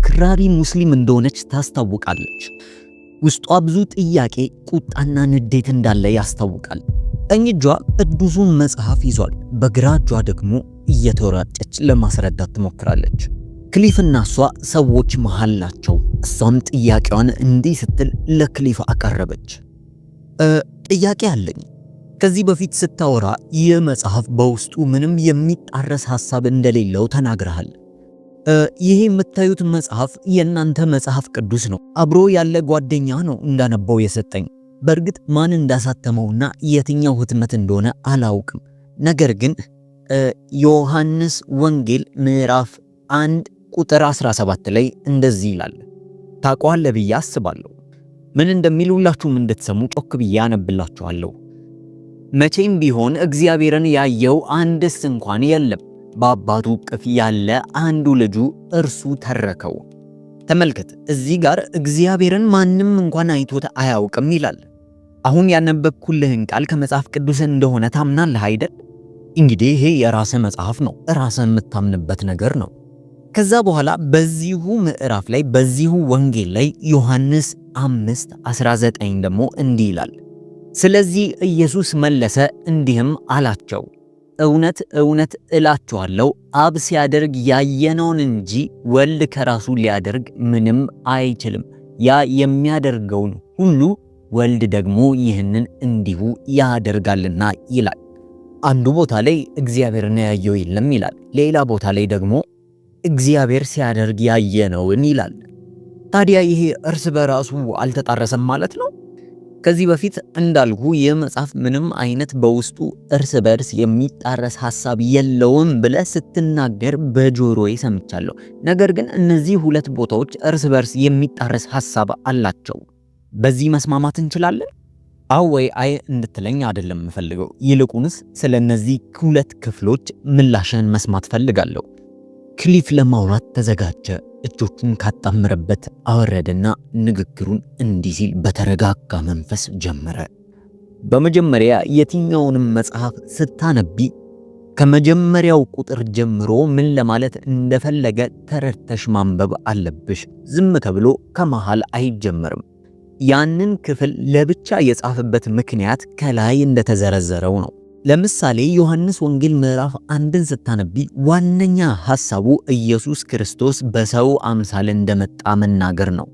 አክራሪ ሙስሊም እንደሆነች ታስታውቃለች። ውስጧ ብዙ ጥያቄ፣ ቁጣና ንዴት እንዳለ ያስታውቃል። ቀኝ እጇ ቅዱሱን መጽሐፍ ይዟል፣ በግራ እጇ ደግሞ እየተወራጨች ለማስረዳት ትሞክራለች። ክሊፍና እሷ ሰዎች መሃል ናቸው። እሷም ጥያቄዋን እንዲህ ስትል ለክሊፍ አቀረበች። ጥያቄ አለኝ። ከዚህ በፊት ስታወራ ይህ መጽሐፍ በውስጡ ምንም የሚጣረስ ሐሳብ እንደሌለው ተናግረሃል። ይህ የምታዩት መጽሐፍ የእናንተ መጽሐፍ ቅዱስ ነው። አብሮ ያለ ጓደኛ ነው እንዳነበው የሰጠኝ። በእርግጥ ማን እንዳሳተመውና የትኛው ህትመት እንደሆነ አላውቅም። ነገር ግን ዮሐንስ ወንጌል ምዕራፍ 1 ቁጥር 17 ላይ እንደዚህ ይላል። ታውቀዋለህ ብዬ አስባለሁ። ምን እንደሚሉላችሁም እንድትሰሙ ጮክ ብዬ አነብላችኋለሁ። መቼም ቢሆን እግዚአብሔርን ያየው አንድስ እንኳን የለም በአባቱ ቅፍ ያለ አንዱ ልጁ እርሱ ተረከው። ተመልከት፣ እዚህ ጋር እግዚአብሔርን ማንም እንኳን አይቶት አያውቅም ይላል። አሁን ያነበብኩልህን ቃል ከመጽሐፍ ቅዱስ እንደሆነ ታምናለህ አይደል? እንግዲህ ይሄ የራሰ መጽሐፍ ነው፣ ራስህ የምታምንበት ነገር ነው። ከዛ በኋላ በዚሁ ምዕራፍ ላይ በዚሁ ወንጌል ላይ ዮሐንስ 5 19 ደግሞ እንዲህ ይላል፣ ስለዚህ ኢየሱስ መለሰ እንዲህም አላቸው እውነት እውነት እላችኋለሁ አብ ሲያደርግ ያየነውን እንጂ ወልድ ከራሱ ሊያደርግ ምንም አይችልም። ያ የሚያደርገውን ሁሉ ወልድ ደግሞ ይህንን እንዲሁ ያደርጋልና ይላል። አንዱ ቦታ ላይ እግዚአብሔርን ያየው የለም ይላል። ሌላ ቦታ ላይ ደግሞ እግዚአብሔር ሲያደርግ ያየነውን ይላል። ታዲያ ይሄ እርስ በራሱ አልተጣረሰም ማለት ነው። ከዚህ በፊት እንዳልኩ ይህ መጽሐፍ ምንም አይነት በውስጡ እርስ በርስ የሚጣረስ ሀሳብ የለውም ብለ ስትናገር በጆሮዬ ሰምቻለሁ። ነገር ግን እነዚህ ሁለት ቦታዎች እርስ በርስ የሚጣረስ ሀሳብ አላቸው። በዚህ መስማማት እንችላለን? አዎ ወይ አይ እንድትለኝ አይደለም የምፈልገው። ይልቁንስ ስለ እነዚህ ሁለት ክፍሎች ምላሽን መስማት ፈልጋለሁ። ክሊፍ ለማውራት ተዘጋጀ። እጆቹን ካጣመረበት አወረደና ንግግሩን እንዲህ ሲል በተረጋጋ መንፈስ ጀመረ። በመጀመሪያ የትኛውንም መጽሐፍ ስታነቢ ከመጀመሪያው ቁጥር ጀምሮ ምን ለማለት እንደፈለገ ተረድተሽ ማንበብ አለብሽ። ዝም ተብሎ ከመሃል አይጀመርም። ያንን ክፍል ለብቻ የጻፈበት ምክንያት ከላይ እንደተዘረዘረው ነው። ለምሳሌ ዮሐንስ ወንጌል ምዕራፍ አንድን ስታነቢ ዋነኛ ሐሳቡ ኢየሱስ ክርስቶስ በሰው አምሳል እንደመጣ መናገር ነው።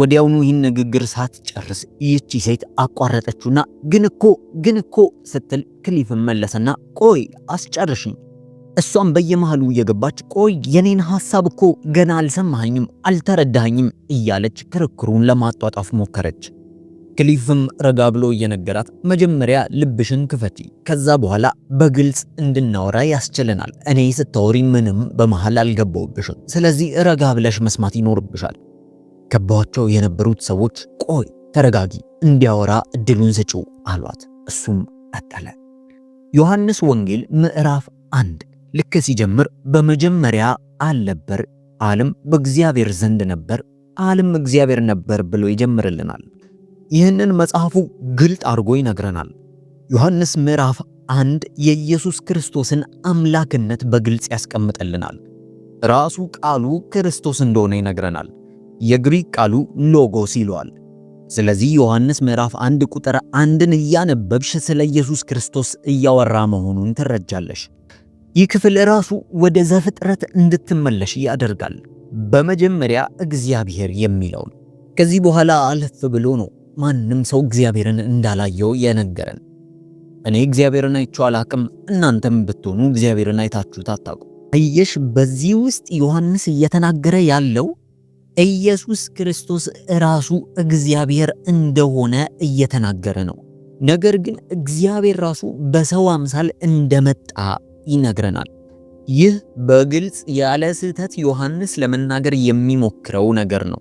ወዲያውኑ ይህን ንግግር ሳትጨርስ ይህቺ ሴት አቋረጠችውና ግን እኮ ግን እኮ ስትል ክሊፍን መለሰና ቆይ አስጨርሽኝ። እሷም በየመሃሉ እየገባች ቆይ የኔን ሐሳብ እኮ ገና አልሰማኸኝም፣ አልተረዳኸኝም እያለች ክርክሩን ለማጧጣፍ ሞከረች። ክሊፍም ረጋ ብሎ እየነገራት መጀመሪያ ልብሽን ክፈቲ፣ ከዛ በኋላ በግልጽ እንድናወራ ያስችለናል። እኔ ስታወሪ ምንም በመሃል አልገባውብሽም፣ ስለዚህ ረጋ ብለሽ መስማት ይኖርብሻል። ከባቸው የነበሩት ሰዎች ቆይ ተረጋጊ፣ እንዲያወራ እድሉን ስጪው አሏት። እሱም ቀጠለ። ዮሐንስ ወንጌል ምዕራፍ አንድ ልክ ሲጀምር በመጀመሪያ አልነበር፣ ዓለም በእግዚአብሔር ዘንድ ነበር፣ ዓለም እግዚአብሔር ነበር ብሎ ይጀምርልናል። ይህንን መጽሐፉ ግልጥ አድርጎ ይነግረናል። ዮሐንስ ምዕራፍ አንድ የኢየሱስ ክርስቶስን አምላክነት በግልጽ ያስቀምጠልናል። ራሱ ቃሉ ክርስቶስ እንደሆነ ይነግረናል። የግሪክ ቃሉ ሎጎስ ይሏል። ስለዚህ ዮሐንስ ምዕራፍ አንድ ቁጥር አንድን እያነበብሽ ስለ ኢየሱስ ክርስቶስ እያወራ መሆኑን ትረጃለሽ። ይህ ክፍል ራሱ ወደ ዘፍጥረት እንድትመለሽ ያደርጋል። በመጀመሪያ እግዚአብሔር የሚለው ነው። ከዚህ በኋላ አለፍ ብሎ ነው ማንም ሰው እግዚአብሔርን እንዳላየው የነገረን። እኔ እግዚአብሔርን አይቼው አላቅም፣ እናንተም ብትሆኑ እግዚአብሔርን አይታችሁት አታውቁ። አየሽ፣ በዚህ ውስጥ ዮሐንስ እየተናገረ ያለው ኢየሱስ ክርስቶስ ራሱ እግዚአብሔር እንደሆነ እየተናገረ ነው። ነገር ግን እግዚአብሔር ራሱ በሰው አምሳል እንደመጣ ይነግረናል። ይህ በግልጽ ያለ ስህተት ዮሐንስ ለመናገር የሚሞክረው ነገር ነው።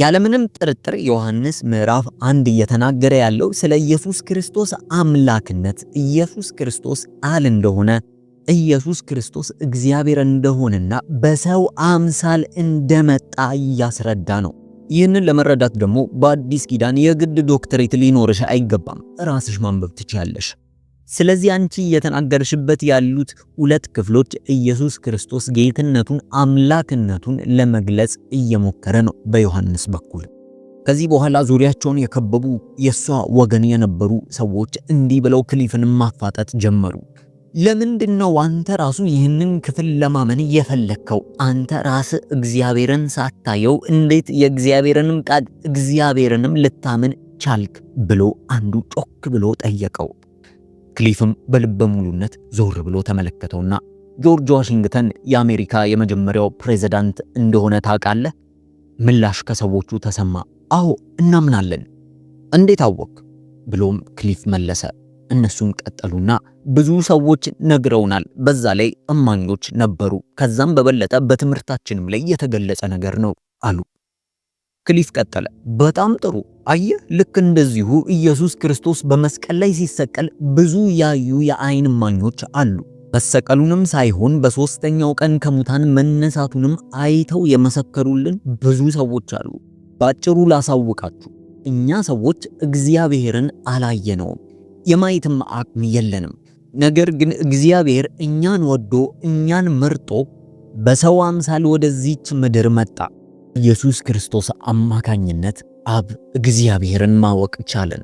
ያለምንም ጥርጥር ዮሐንስ ምዕራፍ አንድ እየተናገረ ያለው ስለ ኢየሱስ ክርስቶስ አምላክነት፣ ኢየሱስ ክርስቶስ አል እንደሆነ፣ ኢየሱስ ክርስቶስ እግዚአብሔር እንደሆነና በሰው አምሳል እንደመጣ እያስረዳ ነው። ይህንን ለመረዳት ደግሞ በአዲስ ኪዳን የግድ ዶክትሬት ሊኖርሽ አይገባም። ራስሽ ማንበብ ትችያለሽ። ስለዚህ አንቺ እየተናገርሽበት ያሉት ሁለት ክፍሎች ኢየሱስ ክርስቶስ ጌትነቱን አምላክነቱን ለመግለጽ እየሞከረ ነው በዮሐንስ በኩል። ከዚህ በኋላ ዙሪያቸውን የከበቡ የእሷ ወገን የነበሩ ሰዎች እንዲህ ብለው ክሊፍን ማፋጠጥ ጀመሩ። ለምንድን ነው አንተ ራሱ ይህንን ክፍል ለማመን የፈለግከው? አንተ ራስ እግዚአብሔርን ሳታየው እንዴት የእግዚአብሔርንም ቃል እግዚአብሔርንም ልታምን ቻልክ? ብሎ አንዱ ጮክ ብሎ ጠየቀው። ክሊፍም በልበ ሙሉነት ዞር ብሎ ተመለከተውና ጆርጅ ዋሽንግተን የአሜሪካ የመጀመሪያው ፕሬዝዳንት እንደሆነ ታውቃለህ? ምላሽ ከሰዎቹ ተሰማ። አዎ እናምናለን። እንዴት አወቅ? ብሎም ክሊፍ መለሰ። እነሱም ቀጠሉና ብዙ ሰዎች ነግረውናል፣ በዛ ላይ እማኞች ነበሩ፣ ከዛም በበለጠ በትምህርታችንም ላይ የተገለጸ ነገር ነው አሉ። ክሊፍ ቀጠለ። በጣም ጥሩ አየህ፣ ልክ እንደዚሁ ኢየሱስ ክርስቶስ በመስቀል ላይ ሲሰቀል ብዙ ያዩ የአይን እማኞች አሉ። መሰቀሉንም ሳይሆን በሶስተኛው ቀን ከሙታን መነሳቱንም አይተው የመሰከሩልን ብዙ ሰዎች አሉ። ባጭሩ ላሳውቃችሁ፣ እኛ ሰዎች እግዚአብሔርን አላየነውም፣ የማየትም አቅም የለንም። ነገር ግን እግዚአብሔር እኛን ወዶ እኛን መርጦ በሰው አምሳል ወደዚች ምድር መጣ። ኢየሱስ ክርስቶስ አማካኝነት አብ እግዚአብሔርን ማወቅ ቻለን።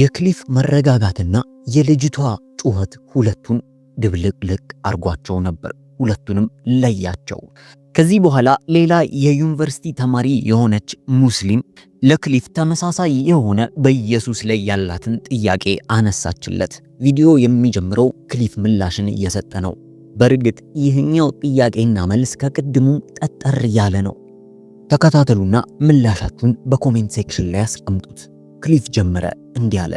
የክሊፍ መረጋጋትና የልጅቷ ጩኸት ሁለቱን ድብልቅልቅ አርጓቸው ነበር። ሁለቱንም ለያቸው። ከዚህ በኋላ ሌላ የዩኒቨርሲቲ ተማሪ የሆነች ሙስሊም ለክሊፍ ተመሳሳይ የሆነ በኢየሱስ ላይ ያላትን ጥያቄ አነሳችለት። ቪዲዮ የሚጀምረው ክሊፍ ምላሽን እየሰጠ ነው። በእርግጥ ይህኛው ጥያቄና መልስ ከቅድሙ ጠጠር ያለ ነው። ተከታተሉና ምላሻችሁን በኮሜንት ሴክሽን ላይ ያስቀምጡት። ክሊፍ ጀመረ እንዲህ አለ።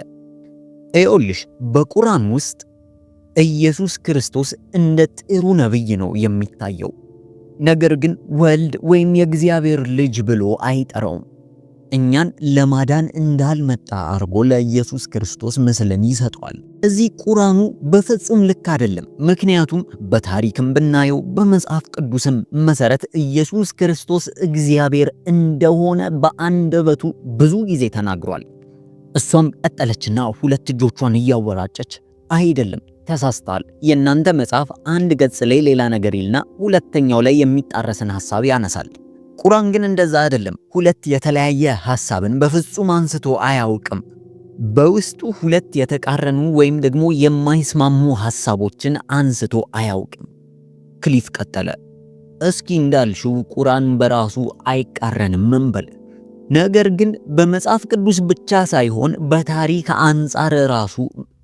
ኤዮልሽ በቁርአን ውስጥ ኢየሱስ ክርስቶስ እንደ ጥሩ ነብይ ነው የሚታየው፣ ነገር ግን ወልድ ወይም የእግዚአብሔር ልጅ ብሎ አይጠራውም። እኛን ለማዳን እንዳልመጣ አርጎ ለኢየሱስ ክርስቶስ ምስልን ይሰጠዋል። እዚህ ቁራኑ በፍጹም ልክ አይደለም። ምክንያቱም በታሪክም ብናየው በመጽሐፍ ቅዱስም መሰረት ኢየሱስ ክርስቶስ እግዚአብሔር እንደሆነ በአንደበቱ ብዙ ጊዜ ተናግሯል። እሷም ቀጠለችና ሁለት እጆቿን እያወራጨች አይደለም ተሳስታል። የእናንተ መጽሐፍ አንድ ገጽ ላይ ሌላ ነገር ይልና ሁለተኛው ላይ የሚጣረስን ሐሳብ ያነሳል። ቁርአን ግን እንደዛ አይደለም። ሁለት የተለያየ ሐሳብን በፍጹም አንስቶ አያውቅም። በውስጡ ሁለት የተቃረኑ ወይም ደግሞ የማይስማሙ ሐሳቦችን አንስቶ አያውቅም። ክሊፍ ቀጠለ። እስኪ እንዳልሽው ቁርአን በራሱ አይቃረንም እንበል፣ ነገር ግን በመጽሐፍ ቅዱስ ብቻ ሳይሆን በታሪክ አንጻር ራሱ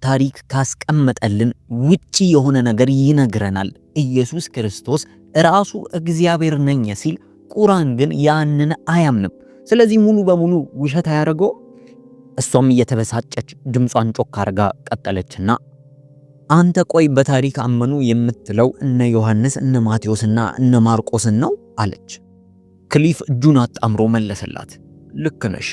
ታሪክ ካስቀመጠልን ውጪ የሆነ ነገር ይነግረናል። ኢየሱስ ክርስቶስ ራሱ እግዚአብሔር ነኝ ሲል ቁራን ግን ያንን አያምንም። ስለዚህ ሙሉ በሙሉ ውሸት አያደርገው። እሷም እየተበሳጨች ድምጿን ጮክ አርጋ ቀጠለችና አንተ ቆይ በታሪክ አመኑ የምትለው እነ ዮሐንስ እነ ማቴዎስና እነ ማርቆስን ነው አለች። ክሊፍ እጁን አጣምሮ መለሰላት፣ ልክ ነሽ።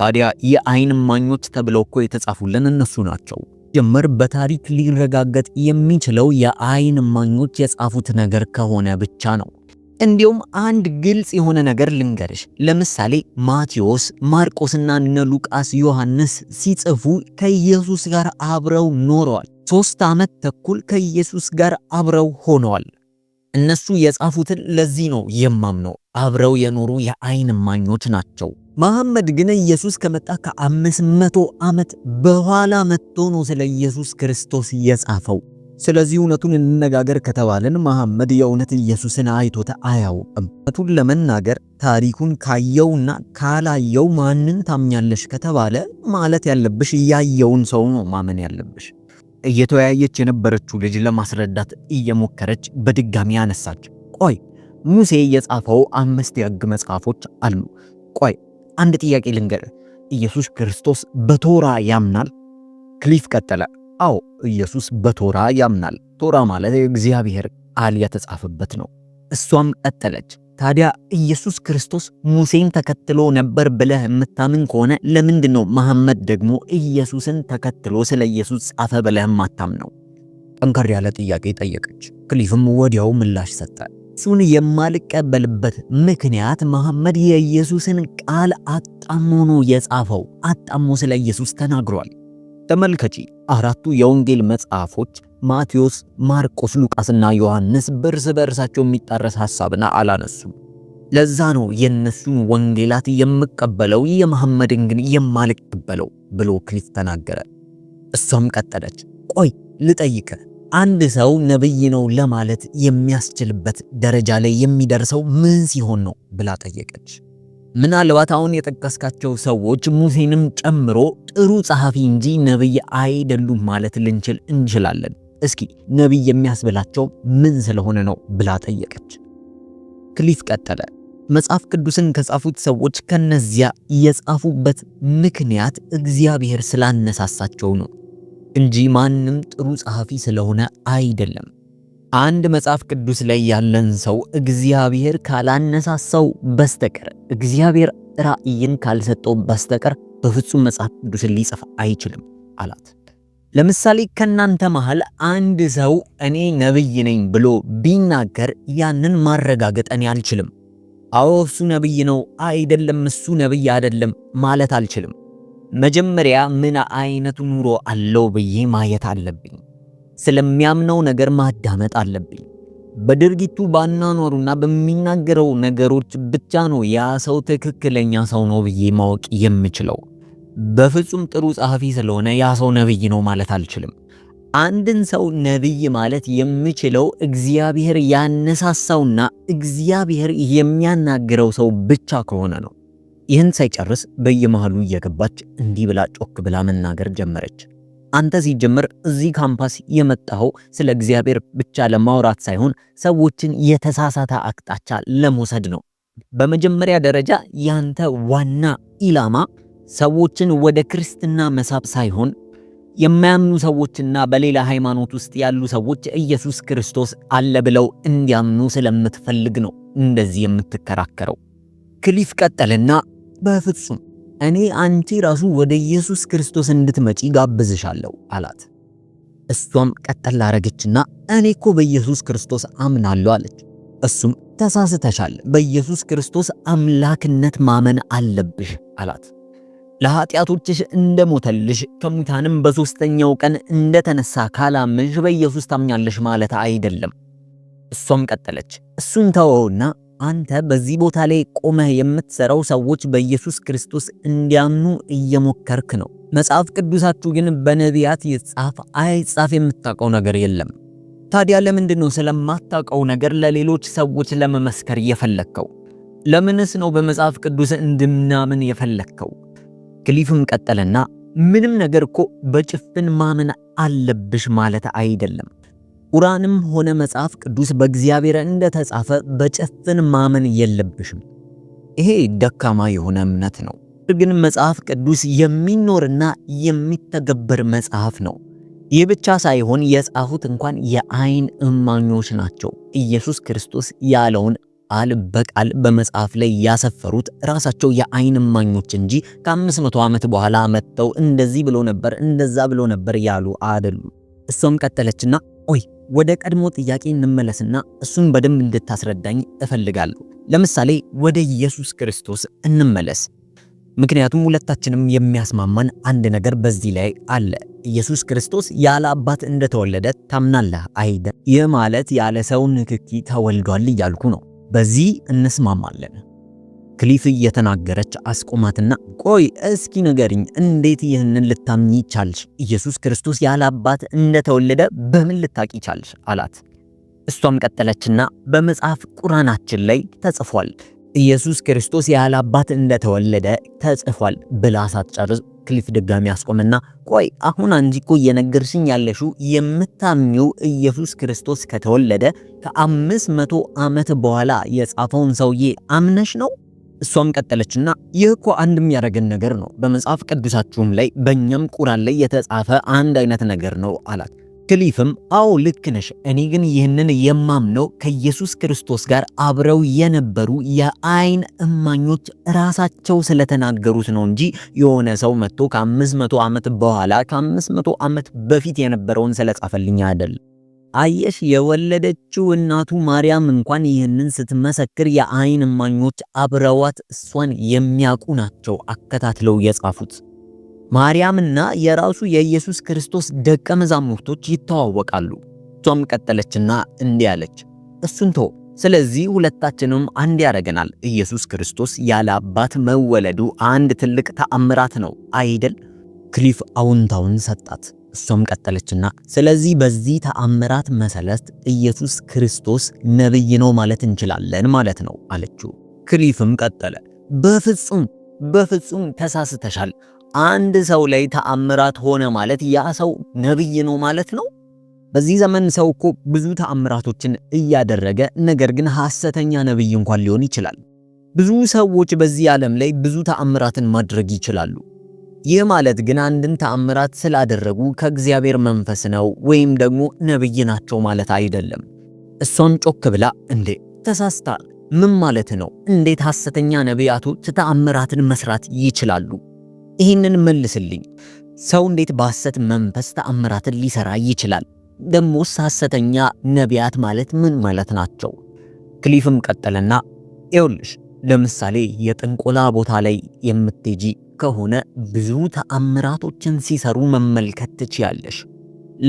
ታዲያ የአይን ማኞች ተብለው እኮ የተጻፉልን እነሱ ናቸው። ጀመር በታሪክ ሊረጋገጥ የሚችለው የአይን ማኞች የጻፉት ነገር ከሆነ ብቻ ነው። እንዲሁም አንድ ግልጽ የሆነ ነገር ልንገርሽ። ለምሳሌ ማቴዎስ፣ ማርቆስና እነ ሉቃስ ዮሐንስ ሲጽፉ ከኢየሱስ ጋር አብረው ኖረዋል። ሶስት ዓመት ተኩል ከኢየሱስ ጋር አብረው ሆነዋል። እነሱ የጻፉትን ለዚህ ነው የማምነው። አብረው የኖሩ የአይን ማኞች ናቸው። መሐመድ ግን ኢየሱስ ከመጣ ከአምስት መቶ ዓመት በኋላ መጥቶ ነው ስለ ኢየሱስ ክርስቶስ የጻፈው። ስለዚህ እውነቱን እንነጋገር ከተባለን መሐመድ የእውነት ኢየሱስን አይቶት አያውቅም። እውነቱን ለመናገር ታሪኩን ካየውና ካላየው ማንን ታምኛለሽ ከተባለ ማለት ያለብሽ ያየውን ሰው ነው ማመን ያለብሽ። እየተወያየች የነበረችው ልጅ ለማስረዳት እየሞከረች በድጋሚ አነሳች። ቆይ ሙሴ የጻፈው አምስት የሕግ መጽሐፎች አሉ። ቆይ አንድ ጥያቄ ልንገር፣ ኢየሱስ ክርስቶስ በቶራ ያምናል? ክሊፍ ቀጠለ። አዎ ኢየሱስ በቶራ ያምናል። ቶራ ማለት የእግዚአብሔር ቃል የተጻፈበት ነው። እሷም ቀጠለች፣ ታዲያ ኢየሱስ ክርስቶስ ሙሴን ተከትሎ ነበር ብለህ የምታምን ከሆነ ለምንድን ነው መሐመድ ደግሞ ኢየሱስን ተከትሎ ስለ ኢየሱስ ጻፈ ብለህ የማታምነው? ጠንከር ያለ ጥያቄ ጠየቀች። ክሊፍም ወዲያው ምላሽ ሰጠ። እሱን የማልቀበልበት ምክንያት መሐመድ የኢየሱስን ቃል አጣሞ ነው የጻፈው። አጣሞ ስለ ኢየሱስ ተናግሯል። ተመልከቺ አራቱ የወንጌል መጽሐፎች ማቴዎስ፣ ማርቆስ፣ ሉቃስና ዮሐንስ በርስ በርሳቸው የሚጣረስ ሐሳብን አላነሱም። ለዛ ነው የእነሱን ወንጌላት የምቀበለው የመሐመድን ግን የማልቀበለው ብሎ ክሊፍ ተናገረ። እሷም ቀጠለች፣ ቆይ ልጠይከ አንድ ሰው ነብይ ነው ለማለት የሚያስችልበት ደረጃ ላይ የሚደርሰው ምን ሲሆን ነው ብላ ጠየቀች። ምናልባት አሁን የጠቀስካቸው ሰዎች ሙሴንም ጨምሮ ጥሩ ጸሐፊ እንጂ ነቢይ አይደሉም ማለት ልንችል እንችላለን። እስኪ ነቢይ የሚያስብላቸው ምን ስለሆነ ነው ብላ ጠየቀች። ክሊፍ ቀጠለ። መጽሐፍ ቅዱስን ከጻፉት ሰዎች ከነዚያ የጻፉበት ምክንያት እግዚአብሔር ስላነሳሳቸው ነው እንጂ ማንም ጥሩ ጸሐፊ ስለሆነ አይደለም። አንድ መጽሐፍ ቅዱስ ላይ ያለን ሰው እግዚአብሔር ካላነሳሳው በስተቀር እግዚአብሔር ራእይን ካልሰጠው በስተቀር በፍጹም መጽሐፍ ቅዱስን ሊጽፍ አይችልም አላት። ለምሳሌ ከእናንተ መሃል አንድ ሰው እኔ ነብይ ነኝ ብሎ ቢናገር ያንን ማረጋገጥ እኔ አልችልም። አዎ እሱ ነብይ ነው፣ አይደለም እሱ ነብይ አይደለም ማለት አልችልም። መጀመሪያ ምን አይነቱ ኑሮ አለው ብዬ ማየት አለብኝ። ስለሚያምነው ነገር ማዳመጥ አለብኝ። በድርጊቱ ባናኖሩና በሚናገረው ነገሮች ብቻ ነው ያ ሰው ትክክለኛ ሰው ነው ብዬ ማወቅ የምችለው። በፍጹም ጥሩ ጸሐፊ ስለሆነ ያ ሰው ነብይ ነው ማለት አልችልም። አንድን ሰው ነብይ ማለት የምችለው እግዚአብሔር ያነሳሳውና እግዚአብሔር የሚያናግረው ሰው ብቻ ከሆነ ነው። ይህን ሳይጨርስ በየመሃሉ እየገባች እንዲህ ብላ ጮክ ብላ መናገር ጀመረች። አንተ ሲጀምር እዚህ ካምፓስ የመጣኸው ስለ እግዚአብሔር ብቻ ለማውራት ሳይሆን ሰዎችን የተሳሳተ አቅጣጫ ለመውሰድ ነው። በመጀመሪያ ደረጃ ያንተ ዋና ኢላማ ሰዎችን ወደ ክርስትና መሳብ ሳይሆን የማያምኑ ሰዎችና በሌላ ሃይማኖት ውስጥ ያሉ ሰዎች ኢየሱስ ክርስቶስ አለ ብለው እንዲያምኑ ስለምትፈልግ ነው እንደዚህ የምትከራከረው። ክሊፍ ቀጠልና በፍጹም እኔ አንቺ ራሱ ወደ ኢየሱስ ክርስቶስ እንድትመጪ ጋብዝሻለሁ አላት። እሷም ቀጠል አረገችና እኔ እኮ በኢየሱስ ክርስቶስ አምናለሁ አለች። እሱም ተሳስተሻል፣ በኢየሱስ ክርስቶስ አምላክነት ማመን አለብሽ አላት። ለኃጢአቶችሽ እንደሞተልሽ ከሙታንም በሦስተኛው ቀን እንደተነሳ ካላመንሽ በኢየሱስ ታምኛለሽ ማለት አይደለም። እሷም ቀጠለች፣ እሱን ተወውና አንተ በዚህ ቦታ ላይ ቆመህ የምትሰራው ሰዎች በኢየሱስ ክርስቶስ እንዲያምኑ እየሞከርክ ነው። መጽሐፍ ቅዱሳችሁ ግን በነቢያት ይጻፍ አይጻፍ የምታውቀው ነገር የለም። ታዲያ ለምንድን ነው ስለማታውቀው ነገር ለሌሎች ሰዎች ለመመስከር የፈለግከው? ለምንስ ነው በመጽሐፍ ቅዱስ እንድናምን የፈለግከው? ክሊፍም ቀጠለና ምንም ነገር እኮ በጭፍን ማመን አለብሽ ማለት አይደለም ቁርአንም ሆነ መጽሐፍ ቅዱስ በእግዚአብሔር እንደተጻፈ በጭፍን ማመን የለብሽም። ይሄ ደካማ የሆነ እምነት ነው። ግን መጽሐፍ ቅዱስ የሚኖርና የሚተገበር መጽሐፍ ነው። ይህ ብቻ ሳይሆን የጻፉት እንኳን የአይን እማኞች ናቸው። ኢየሱስ ክርስቶስ ያለውን ቃል በቃል በመጽሐፍ ላይ ያሰፈሩት ራሳቸው የአይን እማኞች እንጂ ከአምስት መቶ ዓመት በኋላ መጥተው እንደዚህ ብሎ ነበር እንደዛ ብሎ ነበር ያሉ አይደሉም። እሷም ቀጠለችና ኦይ ወደ ቀድሞ ጥያቄ እንመለስና እሱን በደንብ እንድታስረዳኝ እፈልጋለሁ። ለምሳሌ ወደ ኢየሱስ ክርስቶስ እንመለስ። ምክንያቱም ሁለታችንም የሚያስማማን አንድ ነገር በዚህ ላይ አለ። ኢየሱስ ክርስቶስ ያለ አባት እንደተወለደ ታምናለህ አይደ? ይህ ማለት ያለ ሰው ንክኪ ተወልዷል እያልኩ ነው። በዚህ እንስማማለን። ክሊፍ እየተናገረች አስቆማትና ቆይ እስኪ ንገሪኝ እንዴት ይህንን ልታምኚ ቻልሽ? ኢየሱስ ክርስቶስ ያለ አባት እንደተወለደ በምን ልታቂ ቻልሽ? አላት። እሷም ቀጠለችና በመጽሐፍ ቁራናችን ላይ ተጽፏል ኢየሱስ ክርስቶስ ያለ አባት እንደተወለደ ተጽፏል ብላ ሳትጨርስ ክሊፍ ድጋሚ አስቆምና ቆይ አሁን አንቺ እኮ እየነገርሽኝ ያለሹ የምታምኙ ኢየሱስ ክርስቶስ ከተወለደ ከአምስት መቶ ዓመት በኋላ የጻፈውን ሰውዬ አምነሽ ነው እሷም ቀጠለችና ይህ እኮ አንድ የሚያደርገን ነገር ነው፣ በመጽሐፍ ቅዱሳችሁም ላይ በእኛም ቁራን ላይ የተጻፈ አንድ አይነት ነገር ነው አላት። ክሊፍም አዎ ልክ ነሽ፣ እኔ ግን ይህንን የማምነው ከኢየሱስ ክርስቶስ ጋር አብረው የነበሩ የአይን እማኞች ራሳቸው ስለተናገሩት ነው እንጂ የሆነ ሰው መጥቶ ከአምስት መቶ ዓመት በኋላ ከአምስት መቶ ዓመት በፊት የነበረውን ስለጻፈልኝ አይደለም። አየሽ የወለደችው እናቱ ማርያም እንኳን ይህንን ስትመሰክር የአይን እማኞች አብረዋት እሷን የሚያውቁ ናቸው አከታትለው የጻፉት። ማርያምና የራሱ የኢየሱስ ክርስቶስ ደቀ መዛሙርቶች ይተዋወቃሉ። እሷም ቀጠለችና እንዲህ አለች፣ እሱን ተው፣ ስለዚህ ሁለታችንም አንድ ያደርገናል። ኢየሱስ ክርስቶስ ያለ አባት መወለዱ አንድ ትልቅ ተአምራት ነው አይደል? ክሊፍ አውንታውን ሰጣት። እሷም ቀጠለችና ስለዚህ በዚህ ተአምራት መሰለስት ኢየሱስ ክርስቶስ ነብይ ነው ማለት እንችላለን ማለት ነው አለችው። ክሊፍም ቀጠለ፣ በፍጹም በፍጹም ተሳስተሻል። አንድ ሰው ላይ ተአምራት ሆነ ማለት ያ ሰው ነብይ ነው ማለት ነው? በዚህ ዘመን ሰው እኮ ብዙ ተአምራቶችን እያደረገ ነገር ግን ሐሰተኛ ነብይ እንኳን ሊሆን ይችላል። ብዙ ሰዎች በዚህ ዓለም ላይ ብዙ ተአምራትን ማድረግ ይችላሉ። ይህ ማለት ግን አንድን ተአምራት ስላደረጉ ከእግዚአብሔር መንፈስ ነው ወይም ደግሞ ነብይ ናቸው ማለት አይደለም። እሷም ጮክ ብላ እንዴ ተሳስታ ምን ማለት ነው? እንዴት ሐሰተኛ ነቢያቱ ተአምራትን መስራት ይችላሉ? ይህንን መልስልኝ። ሰው እንዴት በሐሰት መንፈስ ተአምራትን ሊሰራ ይችላል? ደሞስ ሐሰተኛ ነቢያት ማለት ምን ማለት ናቸው? ክሊፍም ቀጠለና ይኸውልሽ ለምሳሌ የጥንቆላ ቦታ ላይ የምትሄጂ ከሆነ ብዙ ተአምራቶችን ሲሰሩ መመልከት ትችያለሽ።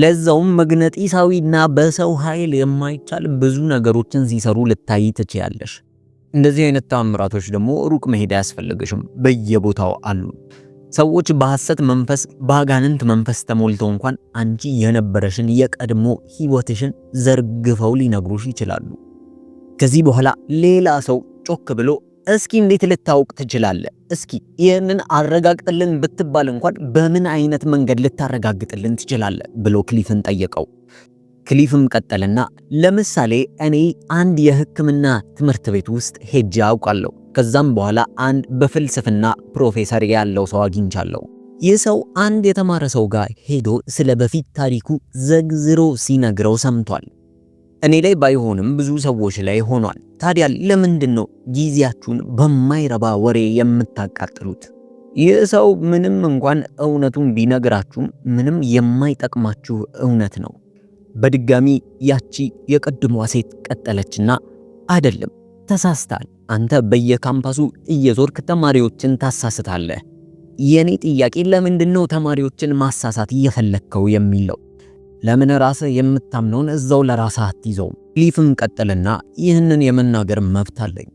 ለዛውም መግነጢሳዊና በሰው ኃይል የማይቻል ብዙ ነገሮችን ሲሰሩ ልታይ ትችያለሽ። እንደዚህ አይነት ተአምራቶች ደግሞ ሩቅ መሄድ አያስፈልገሽም፣ በየቦታው አሉ። ሰዎች በሐሰት መንፈስ በአጋንንት መንፈስ ተሞልቶ እንኳን አንቺ የነበረሽን የቀድሞ ሕይወትሽን ዘርግፈው ሊነግሩሽ ይችላሉ። ከዚህ በኋላ ሌላ ሰው ጮክ ብሎ እስኪ እንዴት ልታውቅ ትችላለህ? እስኪ ይህንን አረጋግጥልን ብትባል እንኳን በምን አይነት መንገድ ልታረጋግጥልን ትችላለህ? ብሎ ክሊፍን ጠየቀው። ክሊፍም ቀጠልና ለምሳሌ እኔ አንድ የሕክምና ትምህርት ቤት ውስጥ ሄጄ አውቃለሁ። ከዛም በኋላ አንድ በፍልስፍና ፕሮፌሰር ያለው ሰው አግኝቻለሁ። ይህ ሰው አንድ የተማረ ሰው ጋር ሄዶ ስለ በፊት ታሪኩ ዘግዝሮ ሲነግረው ሰምቷል። እኔ ላይ ባይሆንም ብዙ ሰዎች ላይ ሆኗል። ታዲያ ለምንድን ነው ጊዜያችሁን በማይረባ ወሬ የምታቃጥሉት? ይህ ሰው ምንም እንኳን እውነቱን ቢነግራችሁም ምንም የማይጠቅማችሁ እውነት ነው። በድጋሚ ያቺ የቀድሟ ሴት ቀጠለችና አይደለም ተሳስታል፣ አንተ በየካምፓሱ እየዞርክ ተማሪዎችን ታሳስታለህ። የእኔ ጥያቄ ለምንድን ነው ተማሪዎችን ማሳሳት እየፈለግከው የሚለው ለምን ራስህ የምታምነውን እዛው ለራስህ አትይዘውም? ክሊፍም ቀጠልና ይህንን የመናገር መብት አለኝ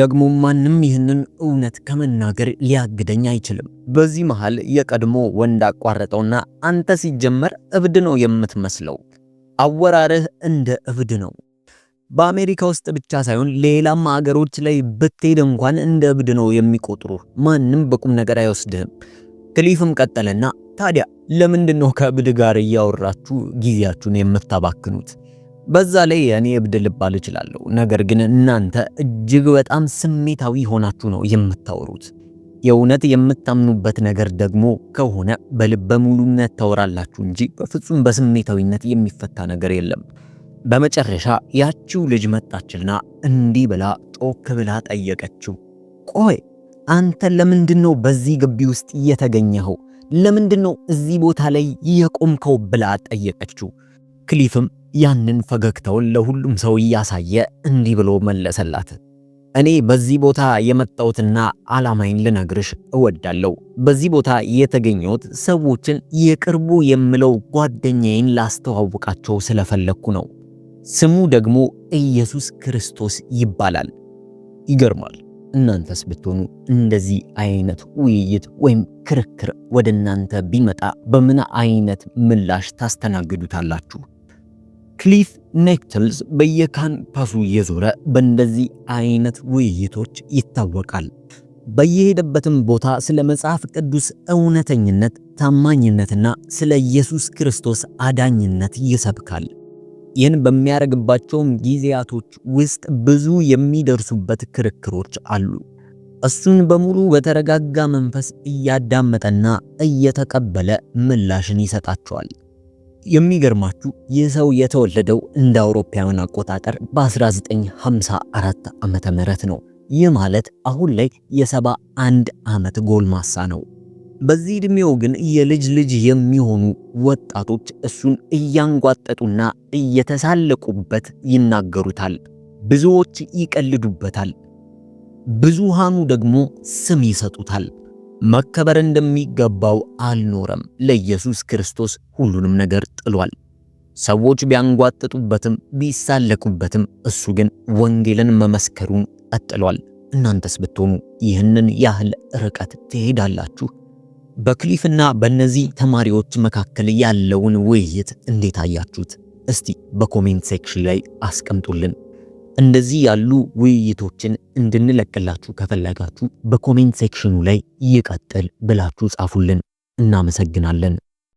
ደግሞ ማንም ይህንን እውነት ከመናገር ሊያግደኝ አይችልም። በዚህ መሃል የቀድሞ ወንድ አቋረጠውና አንተ ሲጀመር እብድ ነው የምትመስለው፣ አወራርህ እንደ እብድ ነው። በአሜሪካ ውስጥ ብቻ ሳይሆን ሌላም አገሮች ላይ ብትሄድ እንኳን እንደ እብድ ነው የሚቆጥሩ። ማንም በቁም ነገር አይወስድህም። ክሊፍም ቀጠለና ታዲያ ለምንድን ነው ከእብድ ጋር እያወራችሁ ጊዜያችሁን የምታባክኑት? በዛ ላይ እኔ እብድ ልባል እችላለሁ፣ ነገር ግን እናንተ እጅግ በጣም ስሜታዊ ሆናችሁ ነው የምታወሩት። የእውነት የምታምኑበት ነገር ደግሞ ከሆነ በልበ ሙሉነት ታወራላችሁ እንጂ በፍጹም በስሜታዊነት የሚፈታ ነገር የለም። በመጨረሻ ያቺው ልጅ መጣችና እንዲህ ብላ ጮክ ብላ ጠየቀችው፣ ቆይ አንተ ለምንድን ነው በዚህ ግቢ ውስጥ እየተገኘኸው? ለምንድን ነው እዚህ ቦታ ላይ የቆምከው ብላ ጠየቀችው። ክሊፍም ያንን ፈገግታውን ለሁሉም ሰው እያሳየ እንዲህ ብሎ መለሰላት። እኔ በዚህ ቦታ የመጣሁትና ዓላማዬን ልነግርሽ እወዳለሁ። በዚህ ቦታ የተገኘሁት ሰዎችን የቅርቡ የምለው ጓደኛዬን ላስተዋውቃቸው ስለፈለግኩ ነው። ስሙ ደግሞ ኢየሱስ ክርስቶስ ይባላል። ይገርማል። እናንተስ ብትሆኑ እንደዚህ አይነት ውይይት ወይም ክርክር ወደ እናንተ ቢመጣ በምን አይነት ምላሽ ታስተናግዱታላችሁ? ክሊፍ ኔክትልስ በየካምፓሱ እየዞረ በእንደዚህ አይነት ውይይቶች ይታወቃል። በየሄደበትም ቦታ ስለ መጽሐፍ ቅዱስ እውነተኝነት፣ ታማኝነትና ስለ ኢየሱስ ክርስቶስ አዳኝነት ይሰብካል። ይህን በሚያደርግባቸውም ጊዜያቶች ውስጥ ብዙ የሚደርሱበት ክርክሮች አሉ። እሱን በሙሉ በተረጋጋ መንፈስ እያዳመጠና እየተቀበለ ምላሽን ይሰጣቸዋል። የሚገርማችሁ ይህ ሰው የተወለደው እንደ አውሮፓውያን አቆጣጠር በ1954 ዓ ም ነው። ይህ ማለት አሁን ላይ የ71 ዓመት ጎልማሳ ነው። በዚህ ዕድሜው ግን የልጅ ልጅ የሚሆኑ ወጣቶች እሱን እያንጓጠጡና እየተሳለቁበት ይናገሩታል። ብዙዎች ይቀልዱበታል፣ ብዙሃኑ ደግሞ ስም ይሰጡታል። መከበር እንደሚገባው አልኖረም። ለኢየሱስ ክርስቶስ ሁሉንም ነገር ጥሏል። ሰዎች ቢያንጓጥጡበትም ቢሳለቁበትም እሱ ግን ወንጌልን መመስከሩን ቀጥሏል። እናንተስ ብትሆኑ ይህንን ያህል ርቀት ትሄዳላችሁ? በክሊፍና በእነዚህ ተማሪዎች መካከል ያለውን ውይይት እንዴት አያችሁት? እስቲ በኮሜንት ሴክሽን ላይ አስቀምጡልን። እንደዚህ ያሉ ውይይቶችን እንድንለቅላችሁ ከፈለጋችሁ በኮሜንት ሴክሽኑ ላይ ይቀጥል ብላችሁ ጻፉልን። እናመሰግናለን።